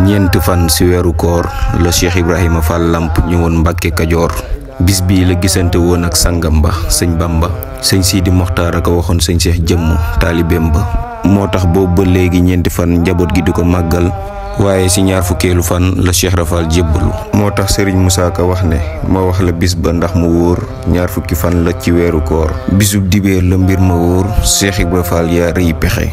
ñent fan ci wéru koor le cheikh ibrahima fall lamp ñëwoon mbàkke kajoor bis bi la gisante won ak sangam ba sëñ bamba sëñ sidi mokhtar ak waxon sëñ cheikh jëm talibem ba motax bo ba légui ñent fan njabot gi diko magal waye ci ñaar fukélu fan le cheikh rafal jëbulu motax tax moussa ka wax ne ma wax la bis ba ndax mu woor ñaar fukki fan la ci wéru koor bisub dibé le mbir ma woor cheikh ibrahima fall